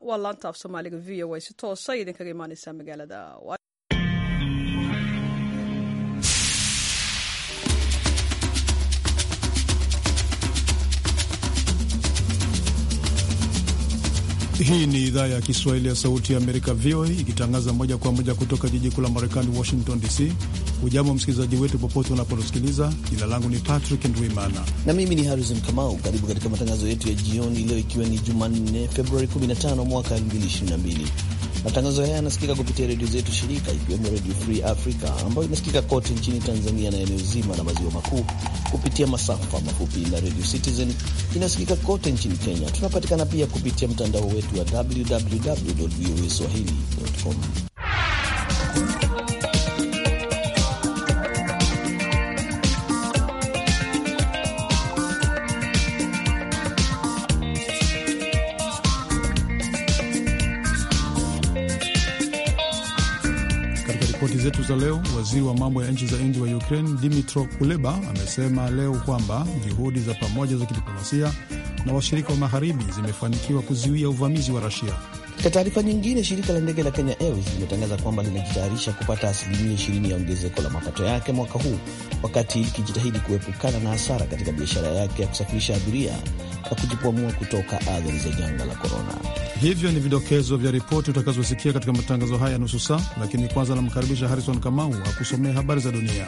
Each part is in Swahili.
waa laanta af soomaaliga v o a si toosa ah. idinkaga imaaneysaa magaalada Hii ni idhaa ya Kiswahili ya Sauti ya Amerika, VOA, ikitangaza moja kwa moja kutoka jiji kuu la Marekani, Washington DC. Hujambo msikilizaji wetu popote unapotusikiliza. Jina langu ni Patrick Ndwimana na mimi ni Harrison Kamau. Karibu katika matangazo yetu ya jioni leo, ikiwa ni Jumanne Februari 15 mwaka 2022. Matangazo haya yanasikika kupitia redio zetu shirika, ikiwemo Redio Free Africa ambayo inasikika kote nchini Tanzania na eneo zima la maziwa makuu kupitia masafa mafupi, na Redio Citizen inayosikika kote nchini Kenya. Tunapatikana pia kupitia mtandao wetu wetu wa www Ripoti zetu za leo. Waziri wa mambo ya nchi za nje wa Ukraine Dimitro Kuleba amesema leo kwamba juhudi za pamoja za kidiplomasia na washirika wa magharibi zimefanikiwa kuzuia uvamizi wa Rasia. Katika taarifa nyingine, shirika la ndege la Kenya Airways limetangaza kwamba linajitayarisha kupata asilimia 20 ya ongezeko la mapato yake mwaka huu, wakati likijitahidi kuepukana na hasara katika biashara yake ya kusafirisha abiria na kujikwamua kutoka athari za janga la korona. Hivyo ni vidokezo vya ripoti utakazosikia katika matangazo haya ya nusu saa, lakini kwanza namkaribisha Harrison Kamau akusomea habari za dunia.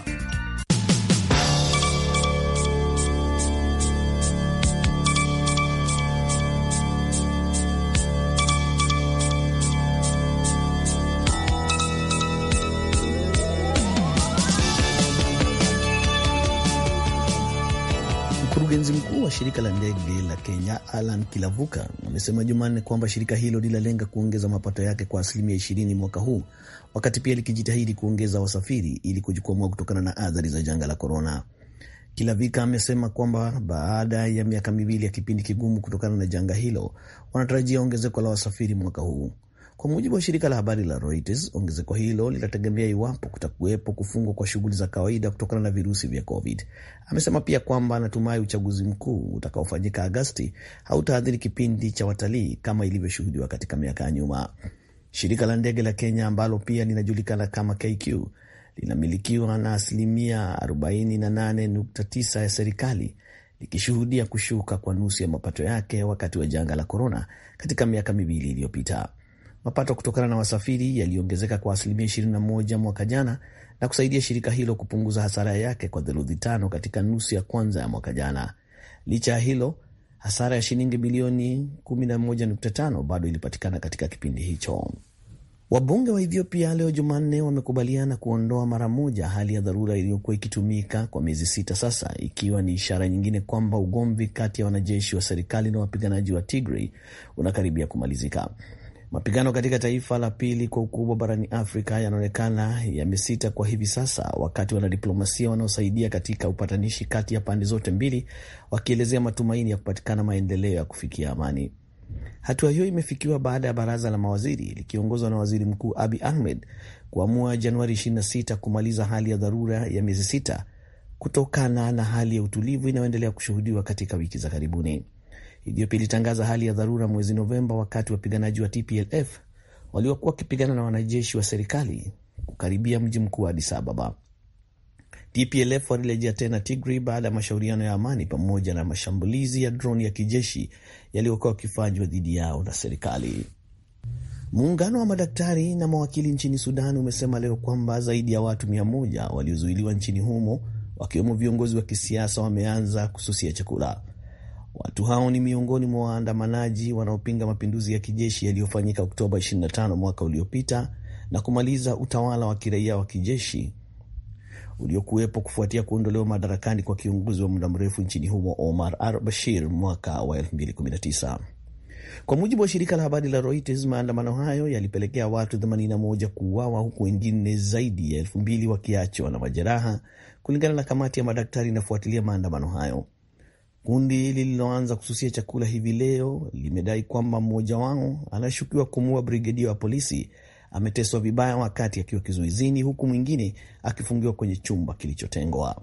Mkurugenzi mkuu wa shirika la ndege la Kenya Alan Kilavuka amesema Jumanne kwamba shirika hilo linalenga kuongeza mapato yake kwa asilimia 20 mwaka huu, wakati pia likijitahidi kuongeza wasafiri ili kujikwamua kutokana na athari za janga la korona. Kilavika amesema kwamba baada ya miaka miwili ya kipindi kigumu kutokana na janga hilo, wanatarajia ongezeko la wasafiri mwaka huu. Kwa mujibu wa shirika la habari la Reuters, ongezeko hilo linategemea iwapo kutakuwepo kufungwa kwa shughuli za kawaida kutokana na virusi vya COVID. Amesema pia kwamba anatumai uchaguzi mkuu utakaofanyika Agasti hautaathiri kipindi cha watalii kama ilivyoshuhudiwa katika miaka ya nyuma. Shirika la ndege la Kenya ambalo pia linajulikana kama KQ linamilikiwa na asilimia 48.9 ya serikali likishuhudia kushuka kwa nusu ya mapato yake wakati wa janga la korona katika miaka miwili iliyopita. Mapato kutokana na wasafiri yaliongezeka kwa asilimia 21 mwaka jana na kusaidia shirika hilo kupunguza hasara yake kwa theluthi tano katika nusu ya kwanza ya mwaka jana. Licha ya hilo, hasara ya shilingi bilioni 11.5 bado ilipatikana katika kipindi hicho. Wabunge wa Ethiopia leo Jumanne wamekubaliana kuondoa mara moja hali ya dharura iliyokuwa ikitumika kwa miezi sita sasa, ikiwa ni ishara nyingine kwamba ugomvi kati ya wanajeshi wa serikali na wapiganaji wa Tigray unakaribia kumalizika. Mapigano katika taifa la pili kwa ukubwa barani Afrika yanaonekana yamesita kwa hivi sasa, wakati wanadiplomasia wanaosaidia katika upatanishi kati ya pande zote mbili wakielezea matumaini ya kupatikana maendeleo ya kufikia amani. Hatua hiyo imefikiwa baada ya baraza la mawaziri likiongozwa na waziri mkuu Abi Ahmed kuamua Januari 26 kumaliza hali ya dharura ya miezi sita kutokana na hali ya utulivu inayoendelea kushuhudiwa katika wiki za karibuni. Ethiopia ilitangaza hali ya dharura mwezi Novemba wakati wapiganaji wa TPLF waliokuwa wakipigana na wanajeshi wa serikali kukaribia mji mkuu wa Addis Ababa. TPLF walirejea tena Tigray baada ya mashauriano ya amani pamoja na mashambulizi ya droni ya kijeshi yaliyokuwa wakifanywa dhidi yao na serikali. Muungano wa madaktari na mawakili nchini Sudan umesema leo kwamba zaidi ya watu mia moja waliozuiliwa nchini humo wakiwemo viongozi wa kisiasa wameanza kususia chakula. Watu hao ni miongoni mwa waandamanaji wanaopinga mapinduzi ya kijeshi yaliyofanyika Oktoba 25 mwaka uliopita na kumaliza utawala wa kiraia wa kijeshi uliokuwepo kufuatia kuondolewa madarakani kwa kiongozi wa muda mrefu nchini humo Omar al-Bashir mwaka wa 2019. Kwa mujibu wa shirika la habari la Reuters, maandamano hayo yalipelekea watu 81 kuuawa huku wengine zaidi ya 2000 wakiachwa na majeraha, kulingana na kamati ya madaktari inafuatilia maandamano hayo. Kundi lililoanza kususia chakula hivi leo limedai kwamba mmoja wao anayeshukiwa kumuua brigedia wa polisi ameteswa vibaya wakati akiwa kizuizini, huku mwingine akifungiwa kwenye chumba kilichotengwa.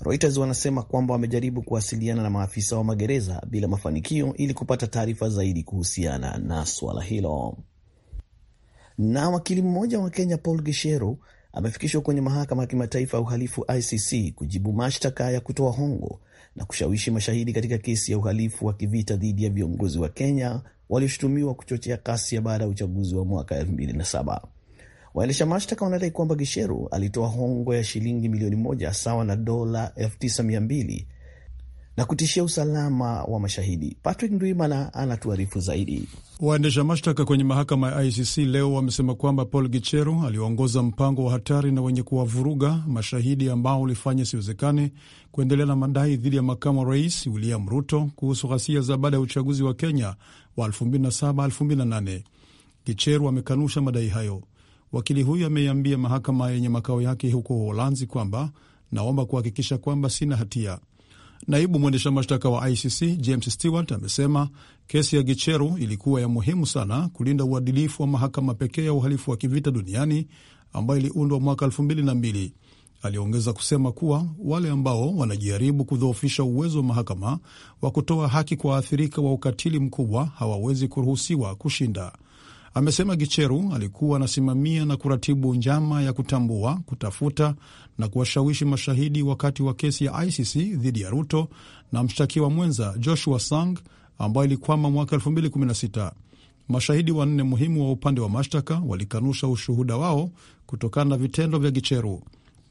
Reuters wanasema kwamba wamejaribu kuwasiliana na maafisa wa magereza bila mafanikio ili kupata taarifa zaidi kuhusiana na swala hilo. Na wakili mmoja wa Kenya Paul Gishero amefikishwa kwenye mahakama ya kimataifa ya uhalifu ICC kujibu mashtaka ya kutoa hongo na kushawishi mashahidi katika kesi ya uhalifu wa kivita dhidi ya viongozi wa Kenya walioshutumiwa kuchochea kasi baada ya uchaguzi wa mwaka 2007. Waendesha mashtaka wanadai kwamba Gisheru alitoa hongo ya shilingi milioni moja sawa na dola 9200 na kutishia usalama wa mashahidi. Patrick Ndwimana anatuarifu zaidi. Waendesha mashtaka kwenye mahakama ya ICC leo wamesema kwamba Paul Gicheru aliongoza mpango wa hatari na wenye kuwavuruga mashahidi ambao ulifanya isiwezekane kuendelea na madai dhidi ya makamu wa rais William Ruto kuhusu ghasia za baada ya uchaguzi wa Kenya wa 2007-2008. Gicheru amekanusha madai hayo. Wakili huyu ameiambia mahakama yenye makao yake huko Uholanzi kwamba naomba kuhakikisha kwamba sina hatia. Naibu mwendesha mashtaka wa ICC James Stewart amesema kesi ya Gicheru ilikuwa ya muhimu sana kulinda uadilifu wa mahakama pekee ya uhalifu wa kivita duniani ambayo iliundwa mwaka 2002. Aliongeza kusema kuwa wale ambao wanajaribu kudhoofisha uwezo wa mahakama wa kutoa haki kwa waathirika wa ukatili mkubwa hawawezi kuruhusiwa kushinda. Amesema Gicheru alikuwa anasimamia na kuratibu njama ya kutambua, kutafuta na kuwashawishi mashahidi wakati wa kesi ya ICC dhidi ya Ruto na mshtakiwa mwenza Joshua Sang ambayo ilikwama mwaka 2016. Mashahidi wanne muhimu wa upande wa mashtaka walikanusha ushuhuda wao kutokana na vitendo vya Gicheru.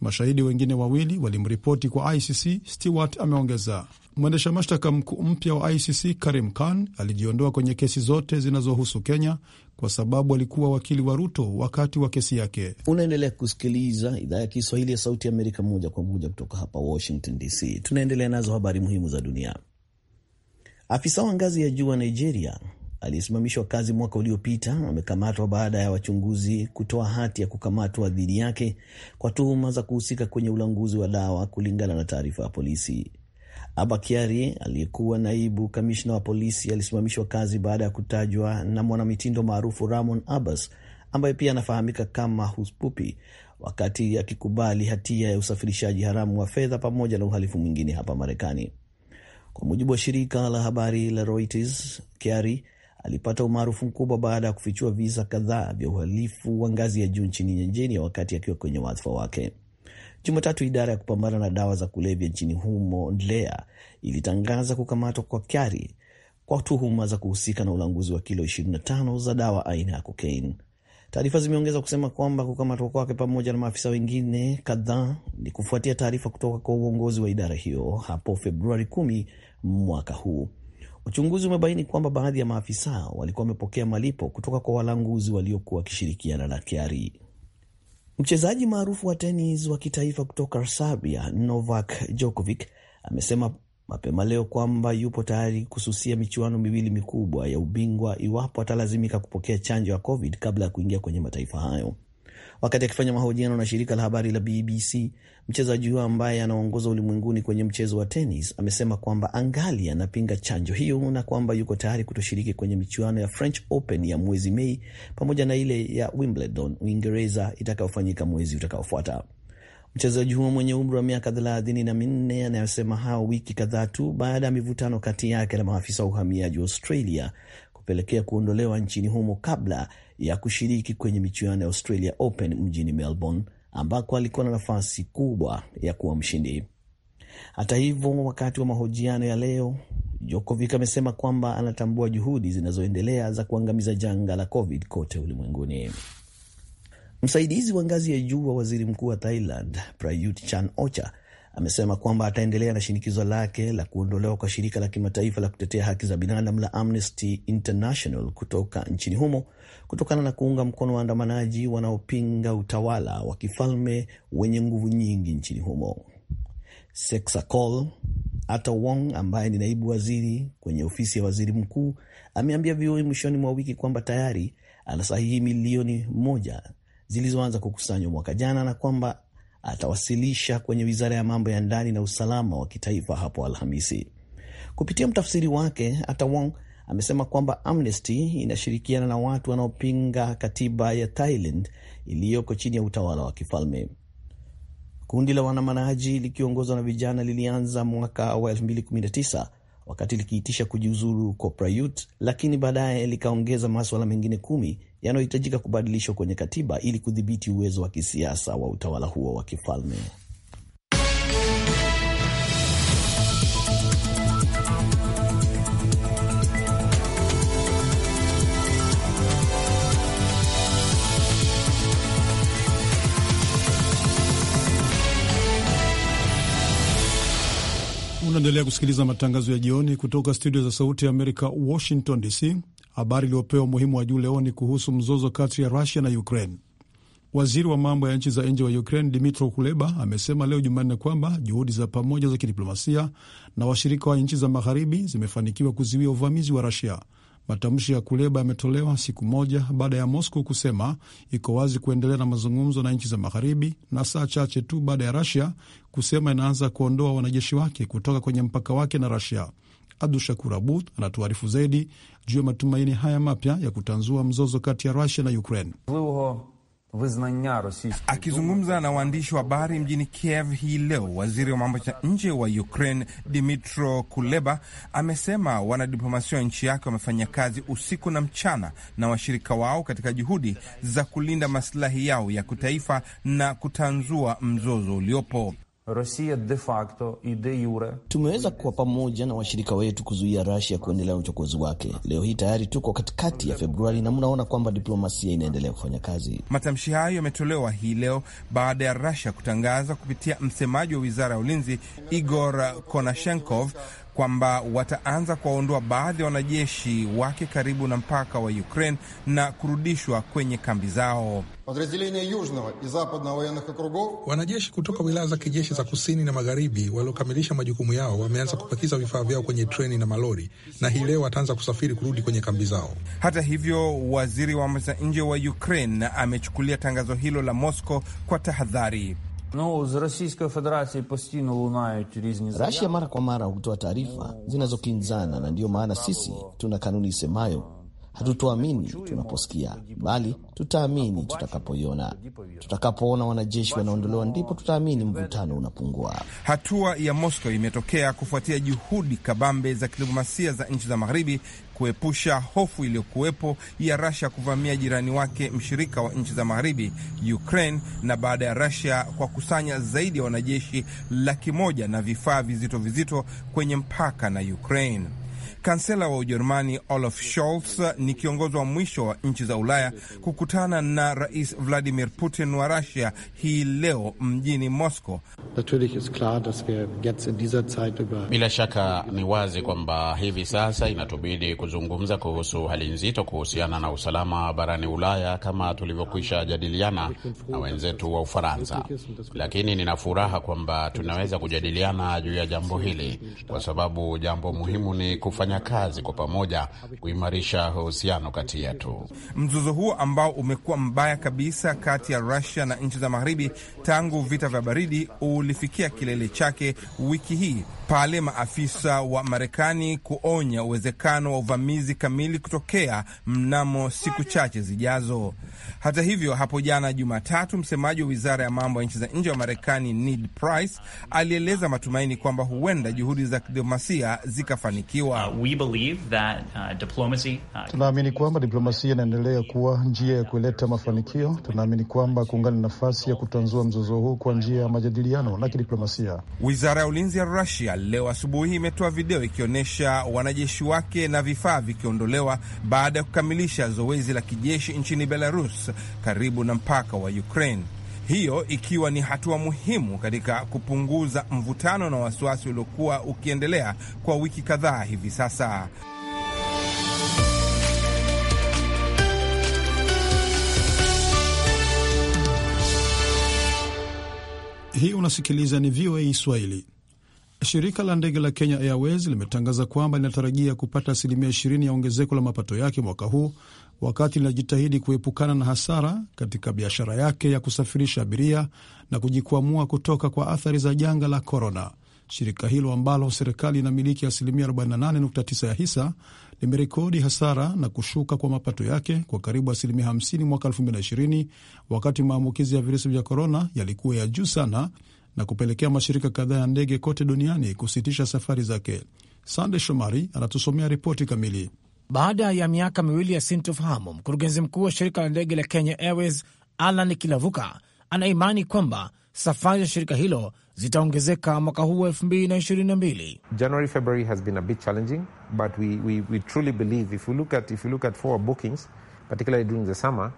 Mashahidi wengine wawili walimripoti kwa ICC, Stewart ameongeza. Mwendesha mashtaka mkuu mpya wa ICC Karim Khan alijiondoa kwenye kesi zote zinazohusu Kenya kwa sababu alikuwa wakili wa Ruto wakati wa kesi yake. Unaendelea kusikiliza idhaa ya Kiswahili ya Sauti ya Amerika moja kwa moja kutoka hapa Washington DC. Tunaendelea nazo habari muhimu za dunia. Afisa wa ngazi ya juu wa Nigeria aliyesimamishwa kazi mwaka uliopita amekamatwa baada ya wachunguzi kutoa hati ya kukamatwa dhidi yake kwa tuhuma za kuhusika kwenye ulanguzi wa dawa, kulingana na taarifa ya polisi. Aba Kiari aliyekuwa naibu kamishna wa polisi alisimamishwa kazi baada ya kutajwa na mwanamitindo maarufu Ramon Abbas ambaye pia anafahamika kama Huspupi wakati akikubali hatia ya usafirishaji haramu wa fedha pamoja na uhalifu mwingine hapa Marekani. Kwa mujibu wa shirika la habari la Reuters, Kiari alipata umaarufu mkubwa baada ya kufichua visa kadhaa vya uhalifu wa ngazi ya juu nchini Nigeria wakati akiwa kwenye wadhifa wake. Jumatatu, idara ya kupambana na dawa za kulevya nchini humo NDLEA ilitangaza kukamatwa kwa Kyari kwa tuhuma za kuhusika na ulanguzi wa kilo 25 za dawa aina ya kokaini. Taarifa zimeongeza kusema kwamba kukamatwa kwake pamoja na maafisa wengine kadhaa ni kufuatia taarifa kutoka kwa uongozi wa idara hiyo hapo Februari 10 mwaka huu. Uchunguzi umebaini kwamba baadhi ya maafisa walikuwa wamepokea malipo kutoka kwa walanguzi waliokuwa wakishirikiana na Kiari. Mchezaji maarufu wa tenis wa kitaifa kutoka Serbia, Novak Djokovic amesema mapema leo kwamba yupo tayari kususia michuano miwili mikubwa ya ubingwa iwapo atalazimika kupokea chanjo ya COVID kabla ya kuingia kwenye mataifa hayo. Wakati akifanya mahojiano na shirika la habari la BBC, mchezaji huyo ambaye anaongoza ulimwenguni kwenye mchezo wa tenis amesema kwamba angali anapinga chanjo hiyo na kwamba yuko tayari kutoshiriki kwenye michuano ya French Open ya mwezi Mei pamoja na ile ya Wimbledon Uingereza itakayofanyika mwezi utakaofuata. Mchezaji huo mwenye umri wa miaka thelathini na minne anayosema hao wiki kadhaa tu baada ya mivutano kati yake na maafisa wa uhamiaji wa Australia kupelekea kuondolewa nchini humo kabla ya kushiriki kwenye michuano ya Australia Open mjini Melbourne ambako alikuwa na nafasi kubwa ya kuwa mshindi. Hata hivyo, wakati wa mahojiano ya leo, Djokovic amesema kwamba anatambua juhudi zinazoendelea za kuangamiza janga la COVID kote ulimwenguni. Msaidizi wa ngazi ya juu wa waziri mkuu wa Thailand Prayut Chan Ocha amesema kwamba ataendelea na shinikizo lake la kuondolewa kwa shirika la kimataifa la kutetea haki za binadamu la Amnesty International kutoka nchini humo kutokana na kuunga mkono waandamanaji wanaopinga utawala wa kifalme wenye nguvu nyingi nchini humo. Sexacol Ata Wong ambaye ni naibu waziri kwenye ofisi ya waziri mkuu ameambia VOA mwishoni mwa wiki kwamba tayari anasahihi milioni moja zilizoanza kukusanywa mwaka jana na kwamba atawasilisha kwenye wizara ya mambo ya ndani na usalama wa kitaifa hapo Alhamisi. Kupitia mtafsiri wake, Atawong amesema kwamba Amnesty inashirikiana na watu wanaopinga katiba ya Thailand iliyoko chini ya utawala wa kifalme. Kundi la wanamanaji likiongozwa na vijana lilianza mwaka wa 2019 wakati likiitisha kujiuzuru kwa Prayut, lakini baadaye likaongeza maswala mengine kumi yanayohitajika kubadilishwa kwenye katiba ili kudhibiti uwezo wa kisiasa wa utawala huo wa kifalme. Unaendelea kusikiliza matangazo ya jioni kutoka studio za Sauti ya Amerika, Washington DC habari iliyopewa umuhimu wa juu leo ni kuhusu mzozo kati ya Rusia na Ukraine. Waziri wa mambo ya nchi za nje wa Ukraine Dmitro Kuleba amesema leo Jumanne kwamba juhudi za pamoja za kidiplomasia na washirika wa nchi za magharibi zimefanikiwa kuzuia uvamizi wa Rusia. Matamshi ya Kuleba yametolewa siku moja baada ya Moscow kusema iko wazi kuendelea na mazungumzo na nchi za magharibi na saa chache tu baada ya Rusia kusema inaanza kuondoa wanajeshi wake kutoka kwenye mpaka wake na Rusia. Abdu Shakur Abud anatuarifu zaidi juu ya matumaini haya mapya ya kutanzua mzozo kati ya Rusia na Ukraine. Akizungumza na waandishi wa habari mjini Kiev hii leo, waziri wa mambo ya nje wa Ukraine Dmitro Kuleba amesema wanadiplomasia wa nchi yake wamefanya kazi usiku na mchana na washirika wao katika juhudi za kulinda masilahi yao ya kitaifa na kutanzua mzozo uliopo. Rusia de facto i de jure. tumeweza kuwa pamoja na washirika wetu kuzuia Russia kuendelea na uchokozi wake. Leo hii tayari tuko katikati ya Februari na mnaona kwamba diplomasia inaendelea kufanya kazi. Matamshi hayo yametolewa hii leo baada ya Russia kutangaza kupitia msemaji wa wizara ya ulinzi Igor Konashenkov kwamba wataanza kuwaondoa baadhi ya wanajeshi wake karibu na mpaka wa Ukraine na kurudishwa kwenye kambi zao. Wanajeshi kutoka wilaya za kijeshi za kusini na magharibi waliokamilisha majukumu yao wameanza kupakiza vifaa vyao kwenye treni na malori, na hii leo wataanza kusafiri kurudi kwenye kambi zao. Hata hivyo, waziri wa mambo ya nje wa Ukraine amechukulia tangazo hilo la Moscow kwa tahadhari. Ну з Російської Федерації постійно лунають різні Рашія мара kwa mara hutoa taarifa zinazokinzana, na ndiyo maana sisi tuna kanuni isemayo hatutoamini tunaposikia, bali tutaamini tutakapoiona. Tutakapoona wanajeshi wanaondolewa, ndipo tutaamini mvutano unapungua. Hatua ya Moscow imetokea kufuatia juhudi kabambe za kidiplomasia za nchi za Magharibi kuepusha hofu iliyokuwepo ya Russia kuvamia jirani wake mshirika wa nchi za magharibi Ukraine, na baada ya Russia kwa kusanya zaidi ya wanajeshi laki moja na vifaa vizito vizito kwenye mpaka na Ukraine. Kansela wa Ujerumani Olaf Scholz ni kiongozi wa mwisho wa nchi za Ulaya kukutana na Rais Vladimir Putin wa Rusia hii leo mjini Moscow. Bila shaka ni wazi kwamba hivi sasa inatubidi kuzungumza kuhusu hali nzito kuhusiana na usalama barani Ulaya kama tulivyokwisha jadiliana na wenzetu wa Ufaransa, lakini nina furaha kwamba tunaweza kujadiliana juu ya jambo hili kwa sababu jambo muhimu ni kufanya kufanya kazi kwa pamoja kuimarisha uhusiano kati yetu. Mzozo huo ambao umekuwa mbaya kabisa kati ya Rusia na nchi za magharibi tangu vita vya baridi ulifikia kilele chake wiki hii pale maafisa wa Marekani kuonya uwezekano wa uvamizi kamili kutokea mnamo siku chache zijazo. Hata hivyo, hapo jana Jumatatu, msemaji wa wizara ya mambo ya nchi za nje wa Marekani Ned Price alieleza matumaini kwamba huenda juhudi za kidiplomasia zikafanikiwa. Uh, uh tunaamini kwamba diplomasia inaendelea kuwa njia ya kuleta mafanikio. Tunaamini kwamba kuungana nafasi ya kutanzua mzozo huu kwa njia ya majadiliano na kidiplomasia. Wizara ya ulinzi ya Rusia leo asubuhi imetoa video ikionyesha wanajeshi wake na vifaa vikiondolewa baada ya kukamilisha zoezi la kijeshi nchini Belarus karibu na mpaka wa Ukraine hiyo ikiwa ni hatua muhimu katika kupunguza mvutano na wasiwasi uliokuwa ukiendelea kwa wiki kadhaa hivi sasa. Hii unasikiliza ni VOA Swahili. Shirika la ndege la Kenya Airways limetangaza kwamba linatarajia kupata asilimia 20 ya ongezeko la mapato yake mwaka huu wakati linajitahidi kuepukana na hasara katika biashara yake ya kusafirisha abiria na kujikwamua kutoka kwa athari za janga la korona. Shirika hilo ambalo serikali inamiliki asilimia 48.9 ya hisa limerekodi hasara na kushuka kwa mapato yake kwa karibu asilimia 50 mwaka 2020 wakati maambukizi ya virusi vya korona yalikuwa ya juu sana na kupelekea mashirika kadhaa ya ndege kote duniani kusitisha safari zake. Sande Shomari anatusomea ripoti kamili. Baada ya miaka miwili ya sintofahamu, mkurugenzi mkuu wa shirika la ndege la Kenya Airways Alan Kilavuka ana imani kwamba safari za shirika hilo zitaongezeka mwaka huu wa mbili. January, February has been a bit challenging but we, we, we truly believe if you look at, if you look at forward bookings particularly during the summer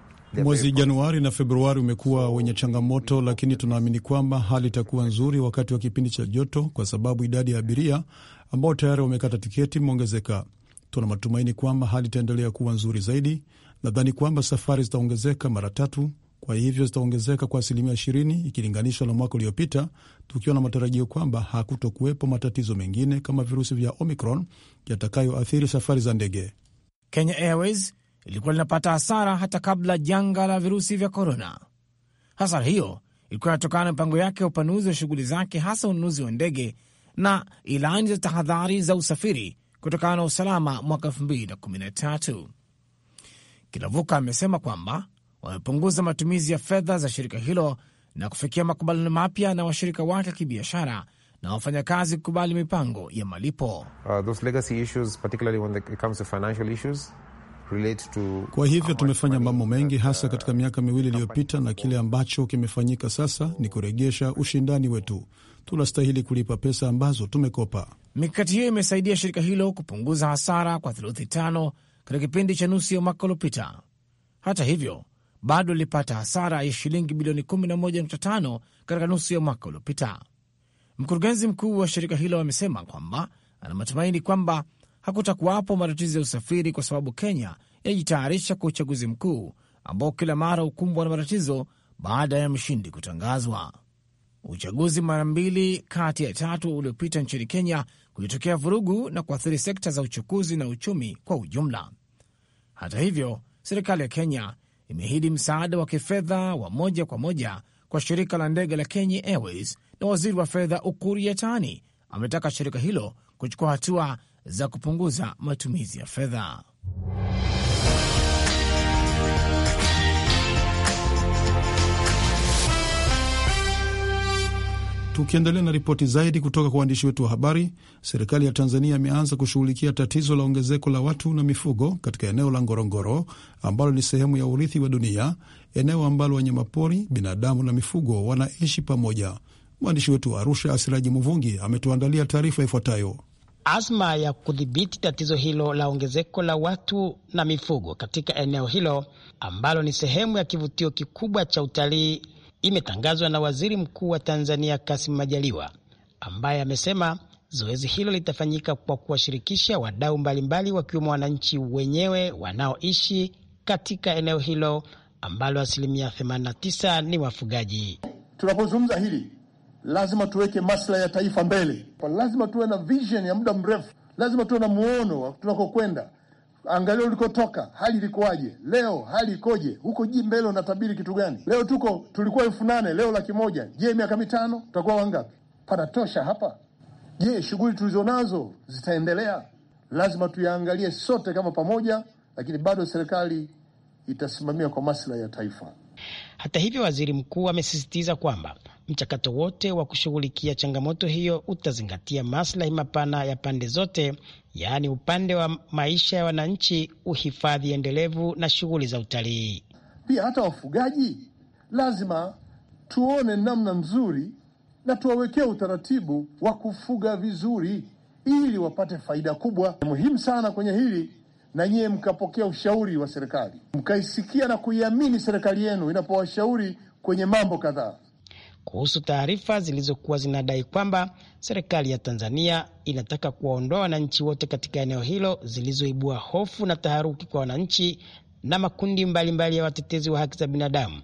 Mwezi Januari na Februari umekuwa wenye changamoto, lakini tunaamini kwamba hali itakuwa nzuri wakati wa kipindi cha joto, kwa sababu idadi ya abiria ambao tayari wamekata tiketi imeongezeka. Tuna matumaini kwamba hali itaendelea kuwa nzuri zaidi. Nadhani kwamba safari zitaongezeka mara tatu, kwa hivyo zitaongezeka kwa asilimia ishirini ikilinganishwa na mwaka uliopita, tukiwa na matarajio kwamba hakutokuwepo matatizo mengine kama virusi vya Omicron yatakayoathiri safari za ndege. Kenya Airways ilikuwa linapata hasara hata kabla janga la virusi vya korona. Hasara hiyo ilikuwa inatokana na mipango yake ya upanuzi wa shughuli zake, hasa ununuzi wa ndege na ilani za tahadhari za usafiri kutokana na usalama mwaka elfu mbili na kumi na tatu. Kilavuka amesema kwamba wamepunguza matumizi ya fedha za shirika hilo na kufikia makubaliano mapya na washirika wake kibiashara na wafanyakazi kukubali mipango ya malipo. Uh, Kwa hivyo tumefanya mambo mengi hasa katika miaka miwili iliyopita, na kile ambacho kimefanyika sasa ni kurejesha ushindani wetu. Tunastahili kulipa pesa ambazo tumekopa. Mikakati hiyo imesaidia shirika hilo kupunguza hasara kwa theluthi tano katika kipindi cha nusu ya mwaka uliopita. Hata hivyo, bado lilipata hasara ya shilingi bilioni 11.5 katika nusu ya mwaka uliopita. Mkurugenzi mkuu wa shirika hilo amesema kwamba ana matumaini kwamba hakutakuwapo matatizo ya usafiri kwa sababu Kenya inajitayarisha kwa uchaguzi mkuu ambao kila mara hukumbwa na matatizo baada ya mshindi kutangazwa. Uchaguzi mara mbili kati ya tatu uliopita nchini Kenya kulitokea vurugu na kuathiri sekta za uchukuzi na uchumi kwa ujumla. Hata hivyo, serikali ya Kenya imeahidi msaada wa kifedha wa moja kwa moja kwa shirika la ndege la Kenya Airways, na waziri wa fedha Ukur Yatani ametaka shirika hilo kuchukua hatua za kupunguza matumizi ya fedha. Tukiendelea na ripoti zaidi kutoka kwa waandishi wetu wa habari, serikali ya Tanzania imeanza kushughulikia tatizo la ongezeko la watu na mifugo katika eneo la Ngorongoro ambalo ni sehemu ya urithi wa dunia, eneo ambalo wanyamapori, binadamu na mifugo wanaishi pamoja. Mwandishi wetu wa Arusha, Asiraji Muvungi, ametuandalia taarifa ifuatayo. Azma ya kudhibiti tatizo hilo la ongezeko la watu na mifugo katika eneo hilo ambalo ni sehemu ya kivutio kikubwa cha utalii imetangazwa na waziri mkuu wa Tanzania Kassim Majaliwa, ambaye amesema zoezi hilo litafanyika kwa kuwashirikisha wadau mbalimbali, wakiwemo wananchi wenyewe wanaoishi katika eneo hilo ambalo asilimia 89 ni wafugaji. Tunapozungumza hili, lazima tuweke maslahi ya taifa mbele, lazima tuwe na vision ya muda mrefu, lazima tuwe na muono tunakokwenda angalia ulikotoka, hali ilikuwaje? Leo hali ikoje? huko ji mbele unatabiri kitu gani? Leo tuko tulikuwa elfu nane leo laki moja. Je, miaka mitano tutakuwa wangapi? Panatosha hapa? Je, shughuli tulizonazo zitaendelea? Lazima tuyaangalie sote kama pamoja, lakini bado serikali itasimamia kwa maslahi ya taifa. Hata hivyo, waziri mkuu amesisitiza kwamba mchakato wote wa kushughulikia changamoto hiyo utazingatia maslahi mapana ya pande zote yaani upande wa maisha ya wananchi, uhifadhi endelevu na shughuli za utalii. Pia hata wafugaji lazima tuone namna nzuri na tuwawekee utaratibu wa kufuga vizuri ili wapate faida kubwa. Muhimu sana kwenye hili, na nyiye mkapokea ushauri wa serikali, mkaisikia na kuiamini serikali yenu inapowashauri kwenye mambo kadhaa kuhusu taarifa zilizokuwa zinadai kwamba serikali ya Tanzania inataka kuwaondoa wananchi wote katika eneo hilo zilizoibua hofu na taharuki kwa wananchi na makundi mbalimbali mbali ya watetezi wa haki za binadamu.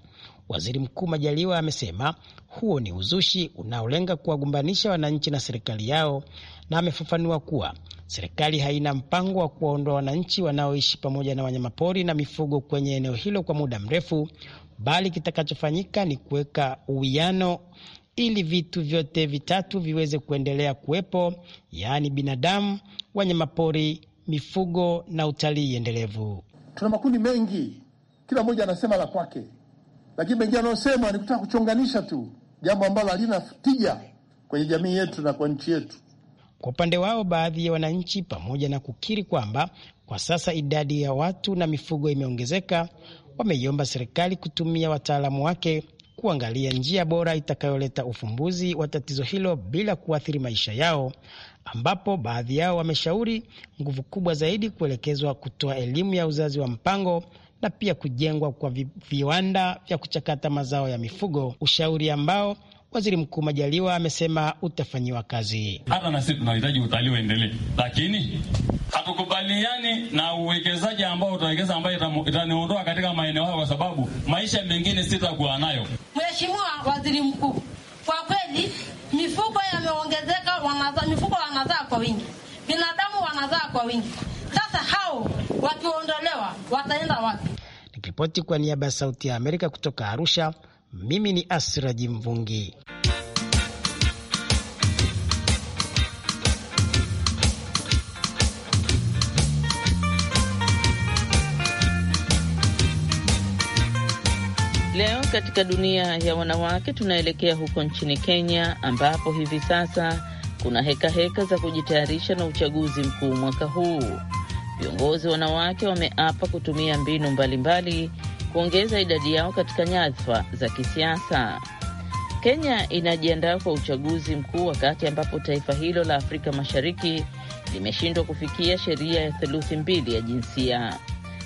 Waziri Mkuu Majaliwa amesema huo ni uzushi unaolenga kuwagumbanisha wananchi na serikali yao, na amefafanua kuwa serikali haina mpango wa kuwaondoa wananchi wanaoishi pamoja na wanyamapori na mifugo kwenye eneo hilo kwa muda mrefu, bali kitakachofanyika ni kuweka uwiano ili vitu vyote vitatu viweze kuendelea kuwepo, yaani binadamu, wanyamapori, mifugo na utalii endelevu. Tuna makundi mengi, kila mmoja anasema la kwake, lakini mengine anaosema ni kutaka kuchonganisha tu, jambo ambalo halina tija kwenye jamii yetu na kwa nchi yetu. Kwa upande wao, baadhi ya wananchi, pamoja na kukiri kwamba kwa sasa idadi ya watu na mifugo imeongezeka, wameiomba serikali kutumia wataalamu wake kuangalia njia bora itakayoleta ufumbuzi wa tatizo hilo bila kuathiri maisha yao, ambapo baadhi yao wameshauri nguvu kubwa zaidi kuelekezwa kutoa elimu ya uzazi wa mpango na pia kujengwa kwa viwanda vya kuchakata mazao ya mifugo, ushauri ambao Waziri Mkuu Majaliwa amesema utafanyiwa kazi. Hata na sisi tunahitaji utalii uendelee, lakini hatukubaliani na uwekezaji ambao utawekeza ambayo itaniondoa katika maeneo hayo, kwa sababu maisha mengine sitakuwa nayo. Mheshimiwa Waziri Mkuu, kwa kweli mifugo yameongezeka, mifugo wanazaa kwa wingi, binadamu wanazaa kwa wingi. Sasa hao wakiondolewa wataenda wapi? Nikiripoti kwa niaba ya Sauti ya Amerika kutoka Arusha, mimi ni asraji mvungi katika dunia ya wanawake, tunaelekea huko nchini Kenya ambapo hivi sasa kuna hekaheka heka za kujitayarisha na uchaguzi mkuu mwaka huu. Viongozi wanawake wameapa kutumia mbinu mbalimbali kuongeza idadi yao katika nyadhifa za kisiasa. Kenya inajiandaa kwa uchaguzi mkuu wakati ambapo taifa hilo la Afrika Mashariki limeshindwa kufikia sheria ya theluthi mbili ya jinsia.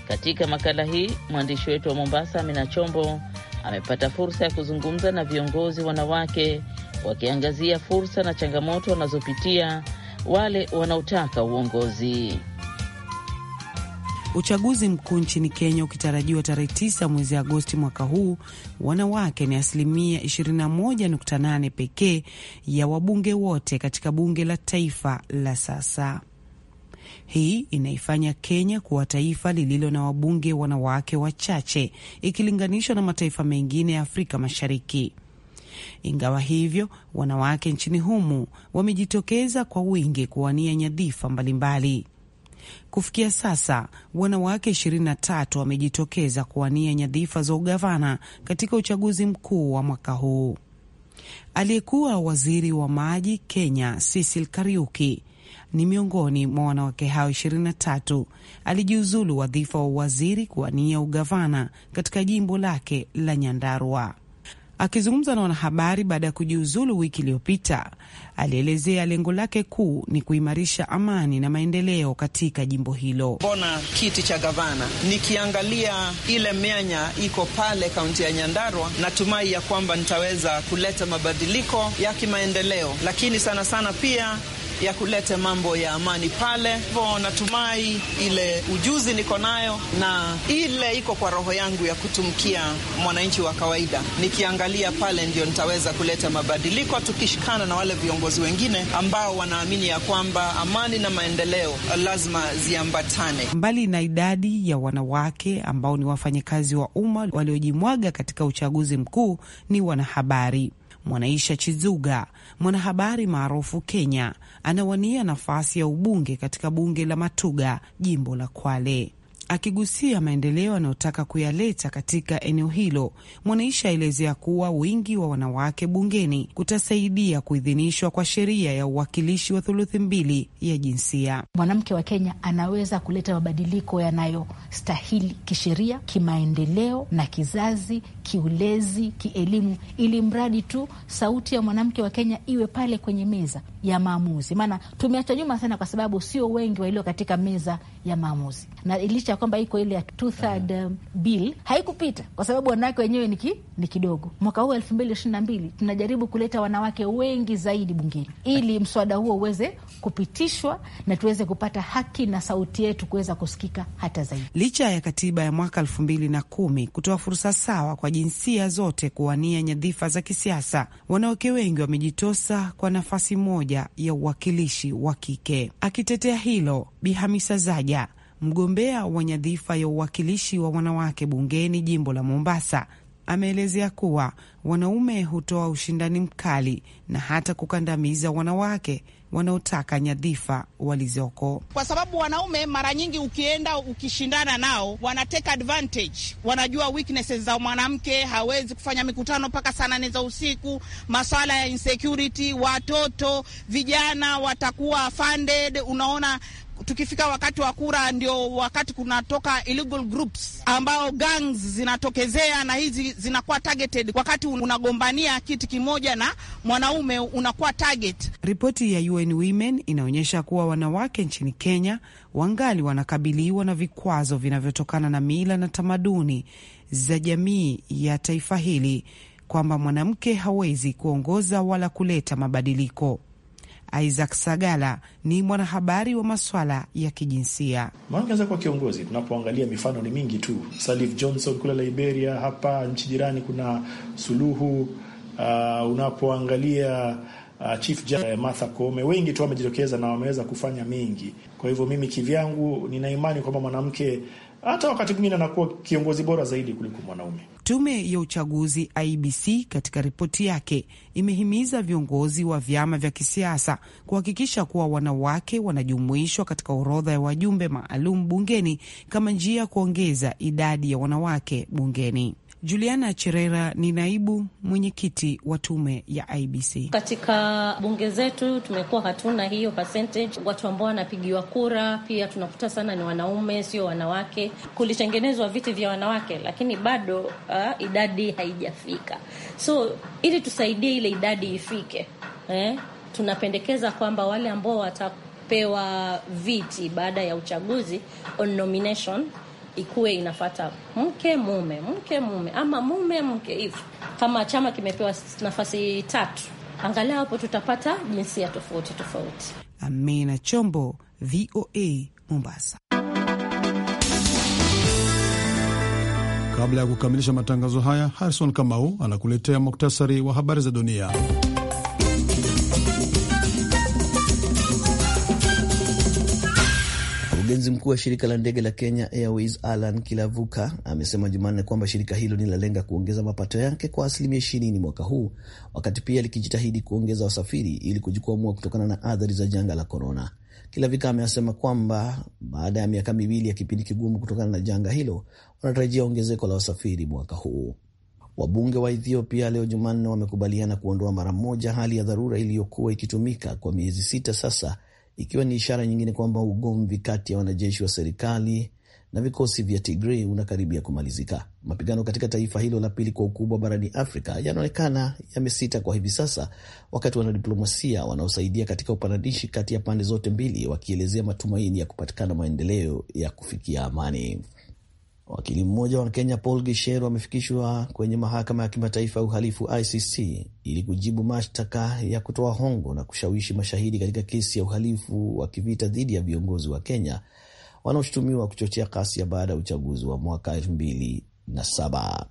Katika makala hii mwandishi wetu wa Mombasa, Amina Chombo, amepata fursa ya kuzungumza na viongozi wanawake wakiangazia fursa na changamoto wanazopitia wale wanaotaka uongozi. Uchaguzi mkuu nchini Kenya ukitarajiwa tarehe 9 mwezi Agosti mwaka huu, wanawake ni asilimia 21.8 pekee ya wabunge wote katika bunge la taifa la sasa. Hii inaifanya Kenya kuwa taifa lililo na wabunge wanawake wachache ikilinganishwa na mataifa mengine ya Afrika Mashariki. Ingawa hivyo, wanawake nchini humu wamejitokeza kwa wingi kuwania nyadhifa mbalimbali. Kufikia sasa wanawake 23 wamejitokeza kuwania nyadhifa za ugavana katika uchaguzi mkuu wa mwaka huu. Aliyekuwa waziri wa maji Kenya Cecil Kariuki ni miongoni mwa wanawake hao 23. Alijiuzulu wadhifa wa uwaziri kuwania ugavana katika jimbo lake la Nyandarua. Akizungumza na wanahabari baada ya kujiuzulu wiki iliyopita, alielezea lengo lake kuu ni kuimarisha amani na maendeleo katika jimbo hilo. Mbona kiti cha gavana, nikiangalia ile mianya iko pale kaunti ya Nyandarua, natumai ya kwamba nitaweza kuleta mabadiliko ya kimaendeleo, lakini sana sana pia ya kulete mambo ya amani pale. Hivyo natumai ile ujuzi niko nayo na ile iko kwa roho yangu ya kutumikia mwananchi wa kawaida, nikiangalia pale ndio nitaweza kuleta mabadiliko, tukishikana na wale viongozi wengine ambao wanaamini ya kwamba amani na maendeleo lazima ziambatane. Mbali na idadi ya wanawake ambao ni wafanyakazi wa umma waliojimwaga katika uchaguzi mkuu, ni wanahabari. Mwanaisha Chizuga, mwanahabari maarufu Kenya, anawania nafasi ya ubunge katika bunge la Matuga, jimbo la Kwale. Akigusia maendeleo anayotaka kuyaleta katika eneo hilo, mwanaisha aelezea kuwa wingi wa wanawake bungeni kutasaidia kuidhinishwa kwa sheria ya uwakilishi wa thuluthi mbili ya jinsia. Mwanamke wa Kenya anaweza kuleta mabadiliko yanayostahili kisheria, kimaendeleo na kizazi kiulezi, kielimu, ili mradi tu sauti ya mwanamke wa Kenya iwe pale kwenye meza ya maamuzi. Maana tumeacha nyuma sana, kwa sababu sio wengi walio katika meza ya maamuzi, na licha ya kwamba iko ile ya two third um, bill haikupita kwa sababu wanawake wenyewe ni ni kidogo. Mwaka huu elfu mbili ishirini na mbili tunajaribu kuleta wanawake wengi zaidi bungeni ili mswada huo uweze kupitishwa na tuweze kupata haki na sauti yetu kuweza kusikika hata zaidi, licha ya katiba ya mwaka elfu mbili na kumi kutoa fursa sawa kwa jinsia zote kuwania nyadhifa za kisiasa. Wanawake wengi wamejitosa kwa nafasi moja ya uwakilishi wa kike. Akitetea hilo, bihamisa Zaja, mgombea wa nyadhifa ya uwakilishi wa wanawake bungeni jimbo la Mombasa, ameelezea kuwa wanaume hutoa ushindani mkali na hata kukandamiza wanawake wanaotaka nyadhifa walizoko, kwa sababu wanaume mara nyingi ukienda ukishindana nao wanateka advantage, wanajua weaknesses za mwanamke, hawezi kufanya mikutano mpaka saa nane za usiku, maswala ya insecurity, watoto vijana watakuwa funded, unaona tukifika wakati wa kura ndio wakati kunatoka illegal groups ambao gangs zinatokezea, na hizi zinakuwa targeted. Wakati unagombania kiti kimoja na mwanaume unakuwa target. Ripoti ya UN Women inaonyesha kuwa wanawake nchini Kenya wangali wanakabiliwa na vikwazo vinavyotokana na mila na tamaduni za jamii ya taifa hili, kwamba mwanamke hawezi kuongoza wala kuleta mabadiliko. Isaac Sagala ni mwanahabari wa maswala ya kijinsia. Maongeza kwa kiongozi, tunapoangalia mifano ni mingi tu, Salif Johnson kule Liberia, hapa nchi jirani kuna Suluhu. Uh, unapoangalia uh, Chief Judge eh, Martha Koome, wengi tu wamejitokeza na wameweza kufanya mengi. Kwa hivyo mimi kivyangu nina imani kwamba mwanamke hata wakati mwingine anakuwa kiongozi bora zaidi kuliko mwanaume. Tume ya uchaguzi IBC katika ripoti yake imehimiza viongozi wa vyama vya kisiasa kuhakikisha kuwa wanawake wanajumuishwa katika orodha ya wajumbe maalum bungeni kama njia ya kuongeza idadi ya wanawake bungeni. Juliana Cherera ni naibu mwenyekiti wa tume ya IBC. Katika bunge zetu tumekuwa hatuna hiyo percentage, watu ambao wanapigiwa kura pia tunakuta sana ni wanaume, sio wanawake. Kulitengenezwa viti vya wanawake, lakini bado uh, idadi haijafika, so ili tusaidie ile idadi ifike, eh, tunapendekeza kwamba wale ambao watapewa viti baada ya uchaguzi on nomination ikuwe inafata mke mume mke mume ama mume mke hivo Kama chama kimepewa nafasi tatu, angalau hapo tutapata jinsia tofauti tofauti. Amina Chombo, VOA Mombasa. Kabla ya kukamilisha matangazo haya, Harrison Kamau anakuletea muktasari wa habari za dunia. Mkurugenzi mkuu wa shirika la ndege la Kenya Airways Alan Kilavuka amesema Jumanne kwamba shirika hilo linalenga kuongeza mapato yake kwa asilimia ishirini mwaka huu, wakati pia likijitahidi kuongeza wasafiri ili kujikwamua kutokana na athari za janga la korona. Kilavika amesema kwamba baada ya miaka miwili ya kipindi kigumu kutokana na janga hilo, wanatarajia ongezeko la wasafiri mwaka huu. Wabunge wa Ethiopia leo Jumanne wamekubaliana kuondoa mara moja hali ya dharura iliyokuwa ikitumika kwa miezi sita sasa ikiwa ni ishara nyingine kwamba ugomvi kati ya wanajeshi wa serikali na vikosi vya Tigray unakaribia kumalizika. Mapigano katika taifa hilo la pili kwa ukubwa barani Afrika yanaonekana yamesita kwa hivi sasa, wakati wanadiplomasia wanaosaidia katika upatanishi kati ya pande zote mbili wakielezea matumaini ya kupatikana maendeleo ya kufikia amani. Wakili mmoja wa Kenya Paul gisher amefikishwa kwenye mahakama ya kimataifa ya uhalifu ICC ili kujibu mashtaka ya kutoa hongo na kushawishi mashahidi katika kesi ya uhalifu wa kivita dhidi ya viongozi wa Kenya wanaoshutumiwa kuchochea kasia baada ya uchaguzi wa mwaka 2007.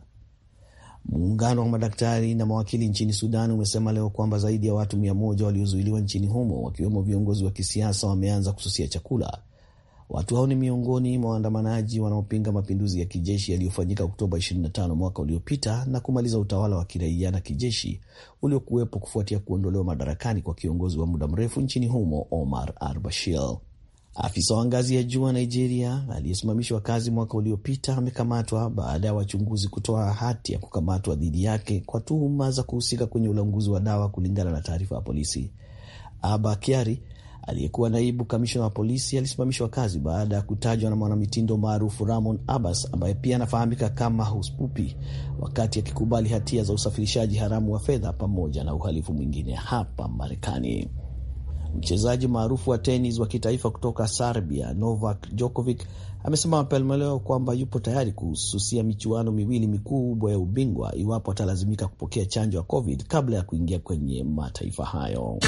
Muungano wa madaktari na mawakili nchini Sudan umesema leo kwamba zaidi ya watu 1 waliozuiliwa nchini humo wakiwemo viongozi wa kisiasa wameanza kususia chakula Watu hao ni miongoni mwa waandamanaji wanaopinga mapinduzi ya kijeshi yaliyofanyika Oktoba 25 mwaka uliopita na kumaliza utawala wa kiraia na kijeshi uliokuwepo kufuatia kuondolewa madarakani kwa kiongozi wa muda mrefu nchini humo Omar al-Bashir. Afisa wa ngazi ya juu wa Nigeria aliyesimamishwa kazi mwaka uliopita amekamatwa baada ya wachunguzi kutoa hati ya kukamatwa dhidi yake kwa tuhuma za kuhusika kwenye ulanguzi wa dawa, kulingana na taarifa ya polisi. Aba Kyari aliyekuwa naibu kamishna wa polisi alisimamishwa kazi baada ya kutajwa na mwanamitindo maarufu Ramon Abbas ambaye pia anafahamika kama Huspupi wakati akikubali hatia za usafirishaji haramu wa fedha pamoja na uhalifu mwingine hapa Marekani. Mchezaji maarufu wa tenis wa kitaifa kutoka Serbia Novak Djokovic amesema mapema leo kwamba yupo tayari kuhususia michuano miwili mikubwa ya ubingwa iwapo atalazimika kupokea chanjo ya COVID kabla ya kuingia kwenye mataifa hayo.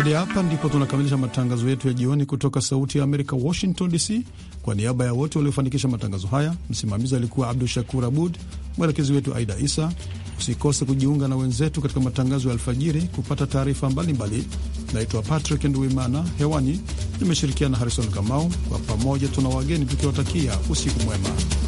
Hadi hapa ndipo tunakamilisha matangazo yetu ya jioni kutoka Sauti ya Amerika, Washington DC. Kwa niaba ya wote waliofanikisha matangazo haya, msimamizi alikuwa Abdu Shakur Abud, mwelekezi wetu Aida Isa. Usikose kujiunga na wenzetu katika matangazo ya alfajiri kupata taarifa mbalimbali. Naitwa Patrick Nduimana, hewani nimeshirikiana na Harrison Kamau. Kwa pamoja tuna wageni tukiwatakia usiku mwema.